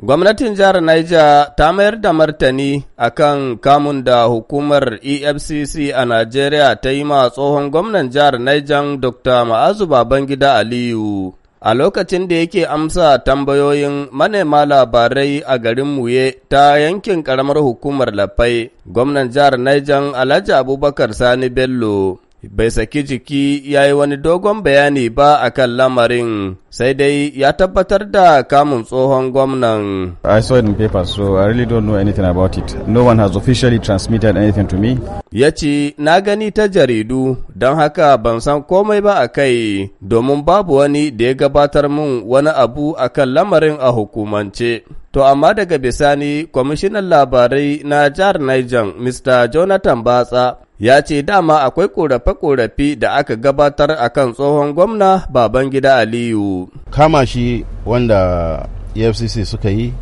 Gwamnatin jihar Niger ta mayar da martani a kan kamun da hukumar EFCC a Najeriya ta yi ma tsohon gwamnan jihar Niger Dr. Ma'azu Babangida Aliyu. A lokacin da yake amsa tambayoyin manema labarai a garin Muye ta yankin karamar hukumar Lafai, gwamnan jihar Niger Alhaji Abubakar Sani Bello bai saki jiki ya yi wani dogon bayani ba a kan lamarin sai dai ya tabbatar da kamun tsohon gwamnan. I saw it in paper so I really don't know anything about it. No one has officially transmitted anything to me. Ya ce na gani ta jaridu don haka ban san komai ba a kai domin babu wani da ya gabatar min wani abu a kan lamarin a hukumance. To amma daga bisani kwamishinan labarai na jihar Niger Mr. Jonathan Batsa ya ce dama akwai ƙorafe-ƙorafe da aka gabatar a kan tsohon gwamna Babangida Aliyu. Kama shi wanda EFCC suka yi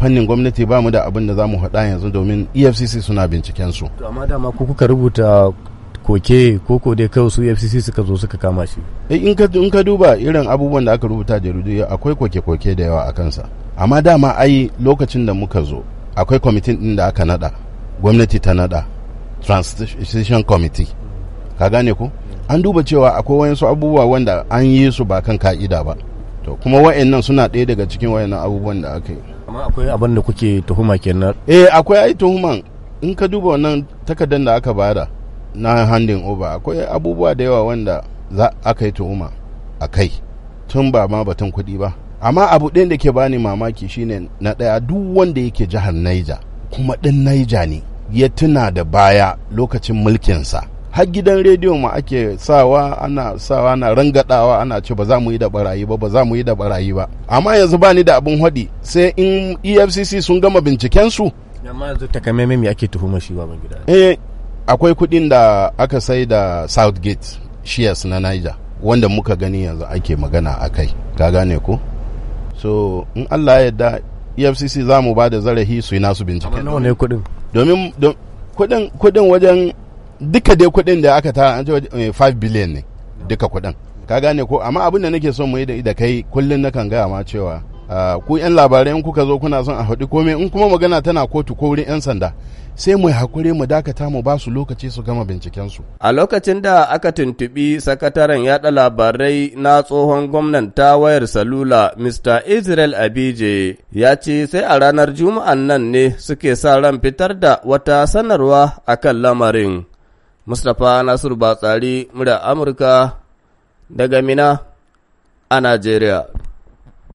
fannin gwamnati ba mu da abin da za mu haɗa yanzu domin efcc suna bincikensu. amma dama ko kuka rubuta koke ko dai kawai su efcc suka zo suka kama shi. Eh, in ka duba irin abubuwan da aka rubuta jaridu eh, akwai koke-koke da yawa a kansa amma dama ai lokacin da muka zo akwai kwamitin ɗin da aka naɗa gwamnati ta naɗa transition committee ka gane ko an duba cewa akwai wayansu abubuwa wanda an yi su ba kan ka'ida ba to kuma wayannan suna ɗaya daga cikin wayannan abubuwan da aka yi amma akwai abin da kuke tuhuma kenan eh akwai ai tuhuman in ka duba wannan takardar da aka bada na handin over akwai abubuwa da yawa wanda za aka yi tuhuma a kai tun ba ma batun kuɗi ba amma abu ɗaya da ke bani mamaki shine na ɗaya duk wanda yake jihar Niger kuma ɗin Niger ne ya tuna da baya lokacin mulkinsa har gidan rediyo ma ake sawa ana sawa ana rangadawa ana ce ba za mu yi da barayi ba ba za mu yi da barayi ba amma yanzu ba ni da abin hadi sai in efcc sun gama bincikensu amma yanzu takamaimai me ake tuhuma shi ba gida eh akwai kuɗin da aka sai da southgate shears na niger wanda muka gani yanzu ake magana a kai ka gane ko so in allah ya yarda efcc za mu ba da zarafi su yi nasu bincike nawa ne kuɗin domin kudin wajen duka dai kudin da aka tara an ce 5 eh, billion ne duka kudin ka gane ko amma abin da nake son mu yi da kai kullum na kan gaya ma cewa Ah, ku 'yan labarai in kuka zo kuna son a haɗu komai in kuma magana tana kotu ko wurin 'yan sanda sai mu hakuri mu dakata mu ba su lokaci su gama binciken su. A lokacin da aka tuntuɓi sakataren yaɗa labarai na tsohon gwamnan ta wayar salula Mr. Israel Abije ya ce sai a ranar Juma'an nan ne suke sa ran fitar da wata sanarwa a kan lamarin. Mustapha Nasiru Batsari, murya Amurka, daga Mina a Najeriya.